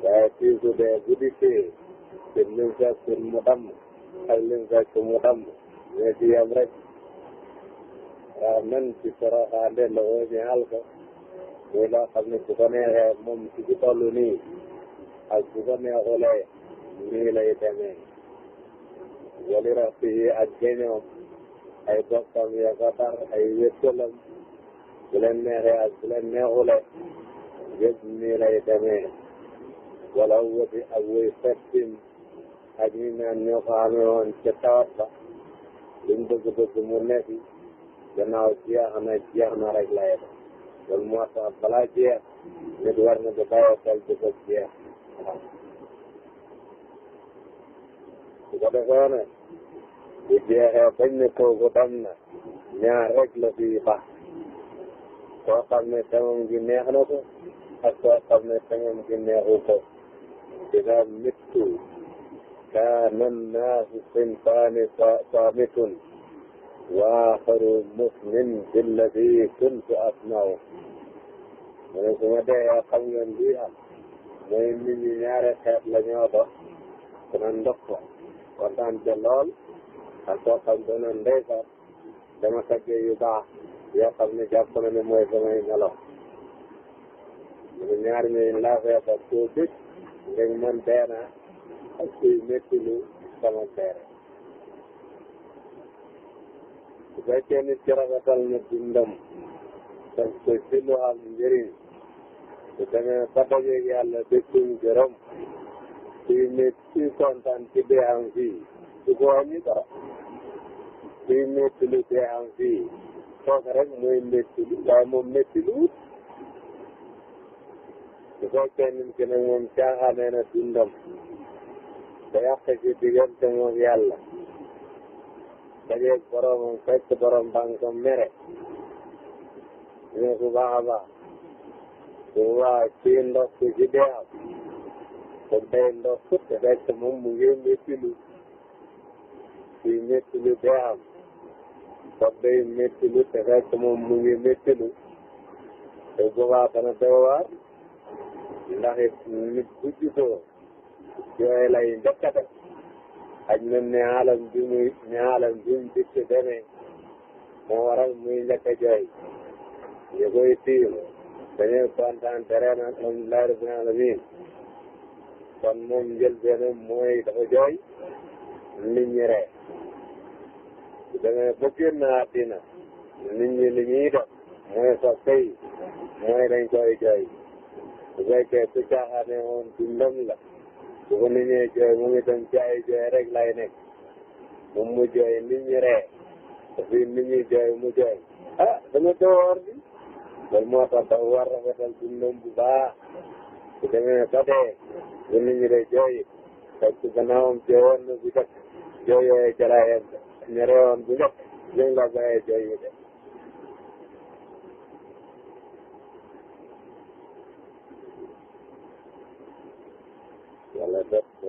waaye fii su dee bu di fee te lim fekk mu damm ak lim fekk mu damm ñoo ci yem rek waaw ci soroxaande la woo ñu àll muy loo xam ne su ko moom su ci toll nii ak su ko nii lay demee wali rax fi ak géñoom ay bokkam ya ko tar ay wéttalam su leen neexee ak su leen nii lay demee wala wëti ak wëy fettin ak ñi naan ñoo ko amee woon ca tawat ba luñ bëgg-bëgg mu nekk gannaaw jeex na jeex na rek lay loolu moo tax balaa jeex nit na di bàyyi xel di ko jeex su ko defee ne bu jeexee bañ ne kooku dam na ñaar rek la fi baax koo xam ne tamam gi neex na ko ak koo xam ne tamam gi neexu ko dina mittu kaa nan naa si sinfaani samitun waaxaru muslim billadi kuntu asnau mu ne su ma dee xam ngeen lii am mooy nit ñi ñaari xeet la ñoo dox ku ne ndox ko kontaan ca lool ak koo xam dana ndeysaat dama taggee yu baax yoo xam ne jàpp na ne mooy samay nelaw mu ne ñaari ñooñu laa fee ba koo bit man dee naa ak kuy métti sama teere bu fekkee nit ki rafetal na dundam def ko ci lu am njëriñ su demee ba dajeeg yàlla dëkkuñ gërëm kuy nit ci kontaan ci dee am fii du ko wàññi dara kuy métti lu dee am fii kooku rek mooy métti lu waaye moom métti lu wut su fekkee nit ki nag moom caaxaanee na dundam ba yàq ci diggante moom yàlla dajeeg boromam fekk borom ba nga ko mere ne bu baax a baax bu baax kii ndox bi ci dee am kon day ndox te fekk moom mu ngi métti lu kii métti lu dee am kon day métti lu te fekk moom mu ngi métti lu te bu baax dana doy waar ndax it nit bu juddoo yooyu lay njëkk a xaj na ne alam bi muy ne alam bi mu dikk demee moo waral muy njëkk a jooy yu koy tiim dañuy kontaan tere na alhamdulilah rabbil alamin kon moom njëlbeenam mooy dafa jooy nit ñi ree su demee ba génn àddina nit ñi li ñuy def mooy soppe yi mooy dañ koy jooy su fekkee su caaxaane woon dundam la bu ko nit ñi jooy moom itam rek lay nekk moom mu jooy nit ñi ree mu jooy ah dama door bi loolu moo tax dafa war rafetal dundam bu baax bu demee ba dee bu nit ñi de jooy parce que nga bàyyee jooy yi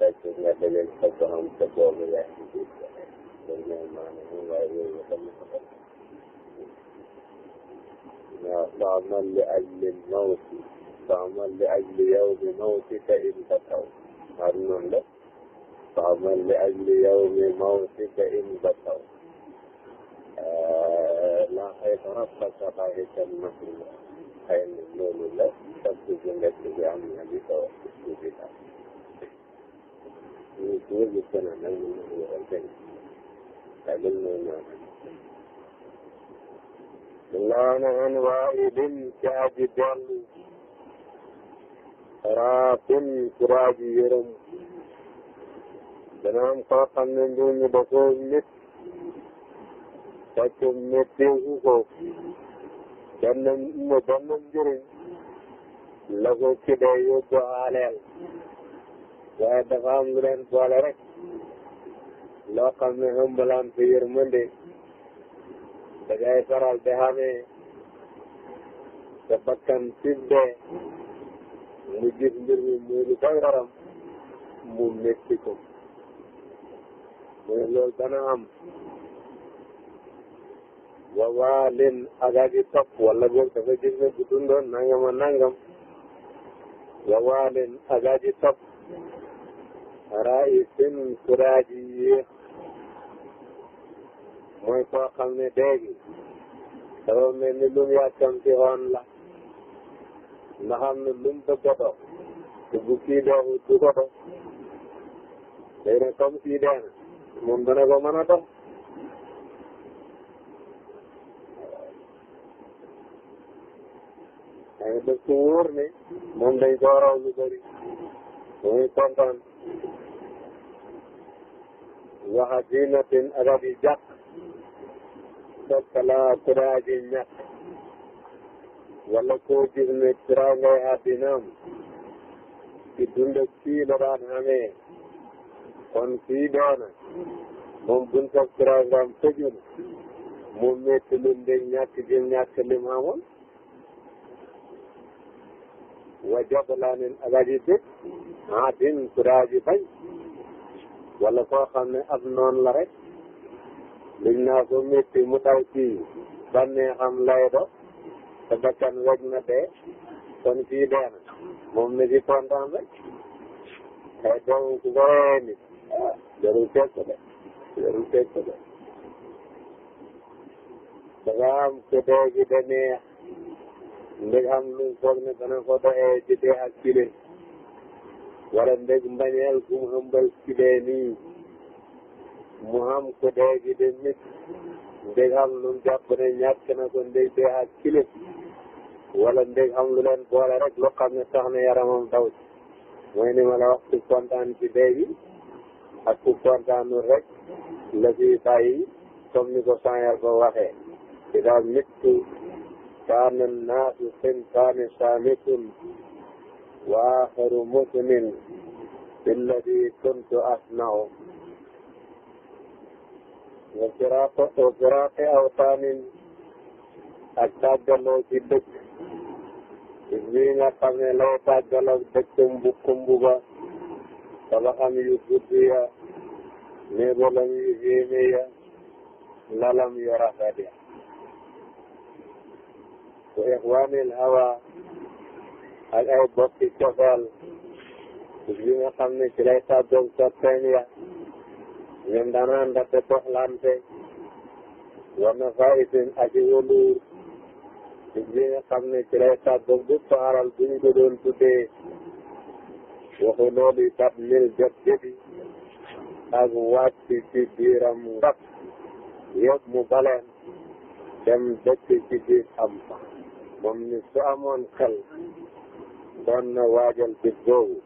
fekk nga dëggal sa borom te boobu yaa ngi ci biir mooy maanaam waaye yooyu tam ko def فاعمل لأجل الموت فاعمل لأجل يوم موتك إن بتوا xam noonu la فاعمل لأجل يوم موتك إن بتوا لقيت ربك ضاحكا مسرورا xëy na loolu la ñu ñu gis kenn nag ñu ñu waxoon tey dalil mooy ñoom اللهم عن وائل كاج دل راق كراج yërëm dana am koo xam ne mbir mi da koo nit fekk métteeku ko benn benn waaye dafa am lu leen boole rek loo xam ne ëmbalante yërmande dangay faral di xamee te bakkan tibbee mu gis mbir mi muy lu koy waram mu métti ko mu ne loolu dana am waawaa leen agaagi topp wala boog dafa gis ne bu dundoon nangam a nangam waawaa leen agaagi topp raisin kuraaji yéex mooy koo xam ne déegi dafa mel ni lu mu yàkkamti woon la nga xam ne lu mu bëgg a dox te bu kii doxu du ko dox léegi nag comme kii dee na moom dana ko mën a dox waaye daf ko wóor ne moom dañ waxa diinatin arab yi jàq soppalaa kuraa ji ñàkk wala koo gis ne tiraw ngay àddinaam ci dund ak kii la kon kii doona moom buntab tiraw ngam tëju na mu métti lu nde ñàkk ji ñàkk lim xamoon wa jablanin arab yi din kuraa ji bañ wala koo xam ne ab noon la rek liñ naa ko métti mu taw ci bànneexam lay do te bakkan weg na dee kon kii dee na moom na ci kontaan rek ay doom ku ko reyee nit jarul teg ko de jarul teg ko de dafa am ku dee gi de neex ndeg am lu foog ne dana ko doxee ci dee ak ci wala ndeg mbañeel gu mu hëmbal ci dee nii mu xam ko dee de mit ndeg xam lu jàpp ne ñàkk na ko ndeg dee ak kile wala ndeg am lu leen boole rek lu xam ne tax na yaramam daw mooy ni ma la wax ku kontaan ci dee gi ak ku kontaanul rek la ciy bàyyi comme ni ko sanyal ba waxee idaa mittu kaana naasu sintaani saamikun وآخر مسلم بالذي كنت أصنع وفراق وفراق أوطان ak tàggaloo ci dëkk bis bii nga xam ne loo tàggaloo dëkkam bu kumb ba tabaxam yu gudd ya néebalam yu yéeme lalam yu rafet ya wa ixwaanil hawa ak ay bokki cofeel bis bi nga xam ne ci lay tàggoog soppeem ya ñoom danaan ndaxte soxlante war na faa itin aji wëluur bis bi nga xam ne ci lay tàggoog bépp xaral bu ñu ko doon tuddee waxu loolu tat mil jot jëti ak wàcc ci biiram ngap yëpp mu baleen dem dëkk ci biir am ni su amoon xel doon na waajal bis boobu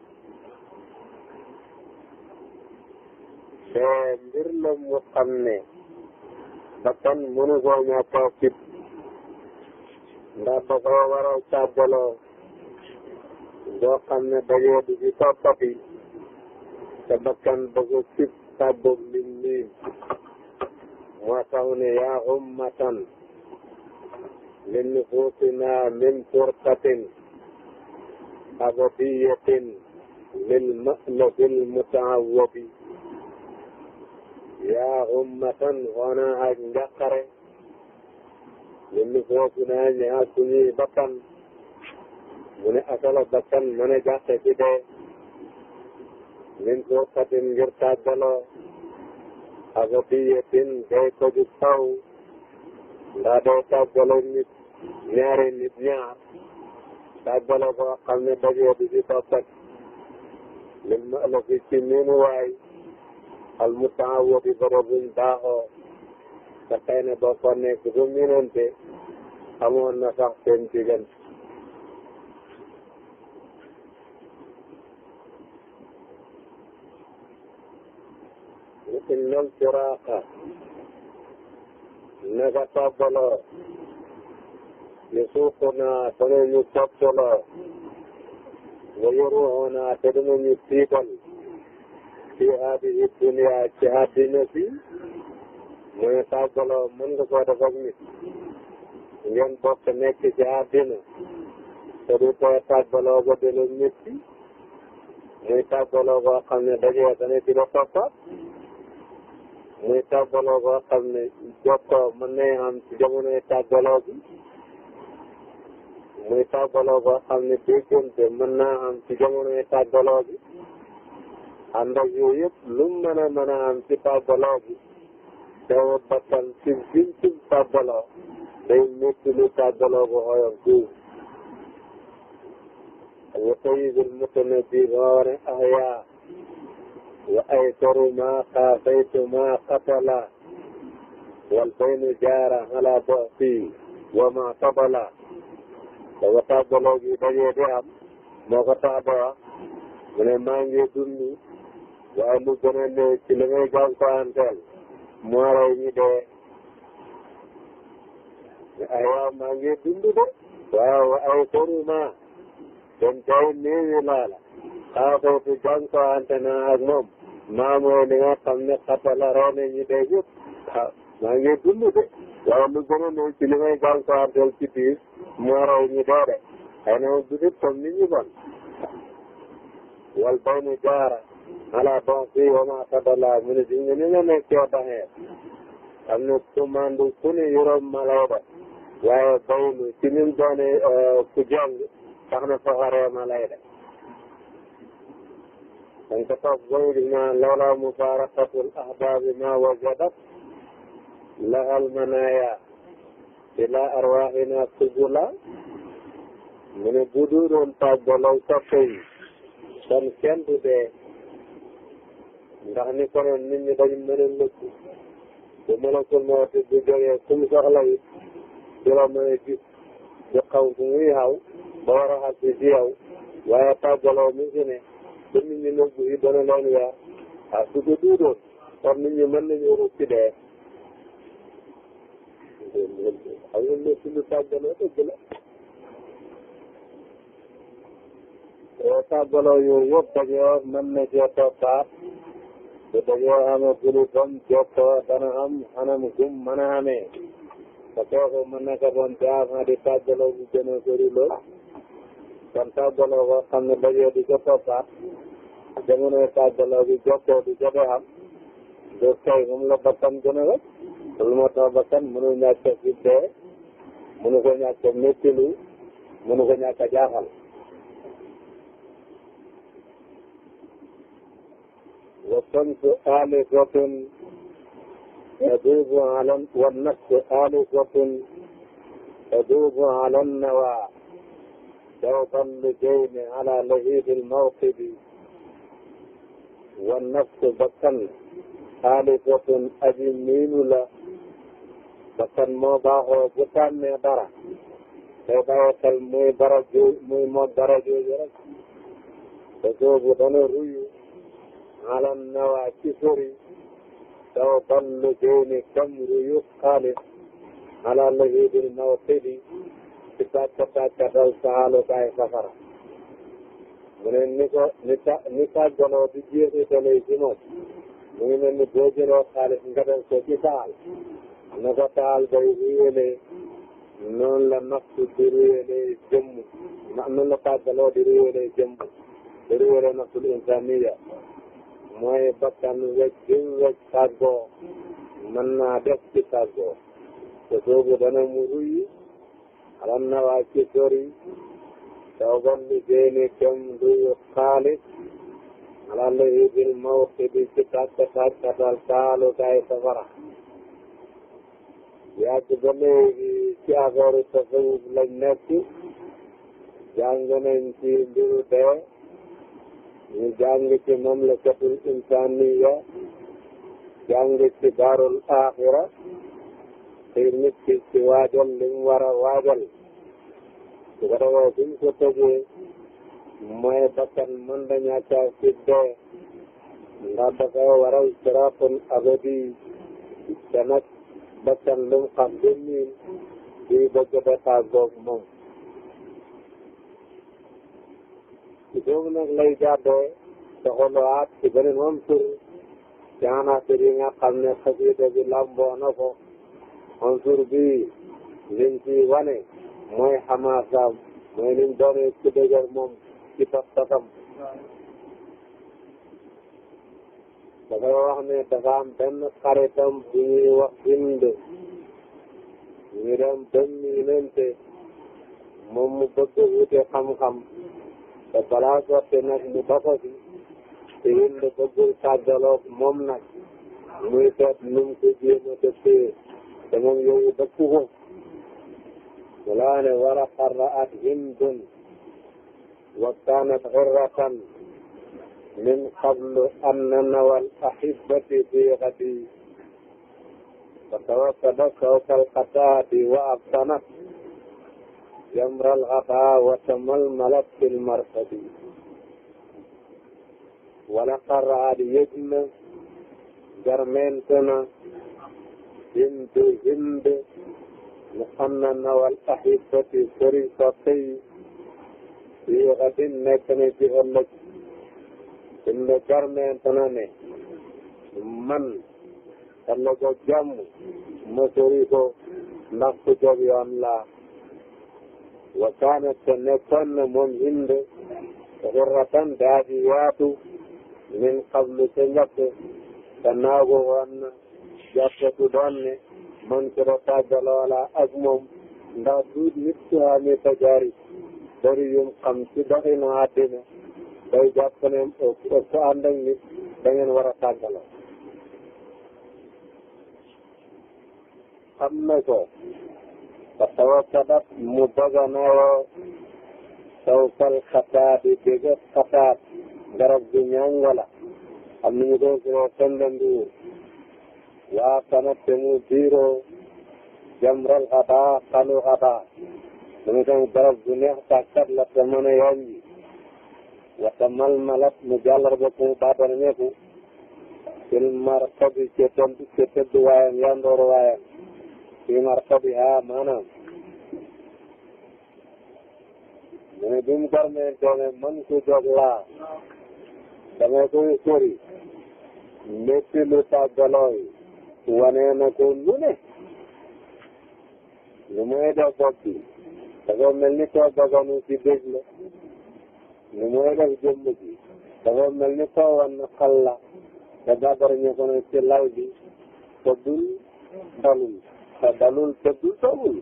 te mbir la mu xam ne bakkan mënu koo ñàkk a fit ndax da koo war a càggaloo boo xam ne dajee du ci toppati te bakkan da ko fit sàbboog lim nii moo tax ne yaa ummatan li nufuusinaa min furqatin abadiyatin lil matlabin mutaawabi yaa ummatan xona ak njàqare ñun ñu foofu naa ñaa suñuy bakkan mu ne asala bakkan mën a jàqe ci dee min foo xatin ngir tàggaloo abadiyatin day ko ju faw ndaa day tàggaloo nit ñaari nit ñaar daa boole boo xam ne dajee di ci toppat lil mu ëllëg ci miinu waay al mu temps wóoti borom buñ baaxoo te xëy na boo ko nekk bu miinante amoon na sax seen diggante innal firaaqa naka topbaloo yusuuquna te ñu topp la wa yaruuna te dama ñu tiital fi haadihi dunya ci àddina si muy tàggalo mën nga koo def ak nit ngeen bokk nekk ci àddina te du tee tàggaloo ko delu nit ki muy tàggaloo koo xam ne dajee dana ci la toppa muy tàggaloo koo xam ne jokkoo mën nay am ci jamonoy tàggaloo bi muy tàggaloo boo xam ne déggante mën naa am ci jamonoy tàggaloo bi ànd ak yooyu yëpp lu mën am ci tàggaloo bi dafa bakkan ci biir ci tàggaloo day métti lu tàggaloo bu xoyoon tuuti. wa tayyibul mutanabbi ba wane ahyaa wa ay toru maa xaafaytu maa xatala wal baynu jaara ala boxti wa maa tabala dafa tàggaloo gi dajee di am moo ko tàggaloo mu ne maa ngi dund waaye lu gën a néew ci li ngay jànkuwanteel moo rey ñu de waaw ay koruma dem tey néewi laa la xaa kootu jànkuwante naa ak moom maa mooy li nga xam ne xatala roo na ñu dee maa ngi dund de waaw lu gën a néew ci li may gàllankoor ci biir moo raw ñu dee de xëy na du wal baw jaara ala bon fii wa ma fadala mu ne si ñu ni nga nekkee baxee am ba waaye baw nu ci ni mu doonee euh, ku jàng tax na faxaree ma lay de kon ko toog baw ma wajadat lahal manaya ila arwahina subula mu ne bu duudoon tàggalaw topp yi kon kenn du dee ndax ni konoon nit ñi dañ mën a lëkk bu malakul mawti bu jógee kum soxla yi du la mën a gis di xaw fu muy xaw ba war a xas ci yow mi si ne ba nit ñi nëbb yi dana leen weer ah su ko duudoon kon nit ñi mën nañu rëcc dee xam nga lépp lu tàggaloo dëgg la soo tàggaloo yooyu yëpp dajoo mën na cee toppaat te dajoo amee gulu bam jokkoo dana am anam gum mën a amee te kooku mën na ko doon jaama di tàggaloo bu gën a sori lool kon tàggaloo ko xam ne dajoo di ko toppaat jamono tàggaloo bi jokkoo di jote am du kay moom la boppam loolu moo tax bakkan mënul ñàkk a jiddee mënu ko ñàkk a méttilu mënu ko ñàkk a jaaxal wa samsu aalisatun taduubu alan wa nafsu aalisatun taduubu alan nawa dawban lujayni ala lahibil mawqibi wa nafsu bakkan aalisatun aji miinu la bakkan moo baaxoo bu tànnee dara day bàyyi xel muy dara muy moog dara jooju rek te boobu dana ruyu alam nawaa ci sori daw ban lu jëni kam ruyu xaalis ala lahidil mawqidi ci tàkk tàkkatal saalu kaay safara mu ne ni ko ni ta ni tàggaloo di jeexitalee ci moom mu ngi mel ni boo jëloo xaalis nga def ko saal na ko la naftu di ruyelee jëmm noonu la tàggaloo di ruyelee jëmm di ruyelee naftul insaniya mooy bakkan wecc jëm wecc tàggoo mën naa def ci tàggoo te soobu dana mu ruyi alam na waa ci sori taw ba mu génne jëm ruyu xaalis ala la yubil mawqidi ci tàkk tàkkatal taalu kaay safara yàgg ba léegi ci affaire tasawuf lañ nekk jàng nañ ci mbiru dee ñu jàng ci mamlakatul insaniya jàng ci daarul axira te nit ki ci waajal li mu war a waajal su ko defee suñ ko bakkan mën na ñàkk a ci dee ndax dafa waral siraatun abadi te bakkan lu mu xam ba niin di bëgg ba tàggoog moom ci boobu nag lay jàddee doxalaat ci beneen moom tur ci anaasir yi nga xam ne xasida bi làmboo na a moom tur bi liñ ci wane mooy xamaasaam mooy liñ doonee ci dëgër moom ci pas-pasam dafa wax ne dafa am benn bu ñuy wax bind ñu dem dem miinante moom mu bëgg wuti xam-xam te balaa sotti nag mu bako si te bind bëggul tàggaloog moom nag muy seet nu mu ko jéem a dëppee te moom yow dëpp ko mu laa ne war xarra at hindun waxtaanat xurratan min qablu an nanawal ahibati diixati فتوكد فوق القتات وأبطنت جمر الغطاء وتململت في المرصد ولقر عليتنا جرمينتنا هند هند مخنن والأحبة سري سطي في غد نكن في أمك im na garmeen tana ne man tan na ko jàmm ma sori ko ndax ku yoon laa wa kaanat te nekkoon na moom Hind xurratan daa yaatu min qablu ca njëkk te naagu woon na doon ne man ci la tàggaloo laa ak moom ndax duut nit ku amee tajaari bëri yum xam ci doxinu day jàpp ne ku ànd ak nit da ngeen war a tàggaloo xam na ko fa tawakkadat mu daganoo sawkal xataat yi dégg xataat garab gi ñaŋ am nañu ko soo tollandiwul waa tanat te mu diiroo jamral xataa xalu xataa dama tam garab gu neex tàkkat la wata malmalat mu jàllar ba ko baatana neeku fil markabi ca tëdd ca tëdd waayam yandoor waayam fii markabi haa maanaam mu ne bi mu gormente ne man ku jóg laa dama koy sori métti lu tàggalooy wane na ko lu ne lu muy def bopp mel ni ko baganu ci dëj la li mooy def jëmm ji dafa mel ni koo woon na xal la te dabarañu ko nag ci law bi te dul dalul te dalul te dul dalul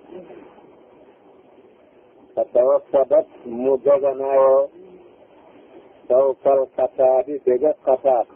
te dafa sadat mu doganaayoo saw kal xataat yi dégg xataat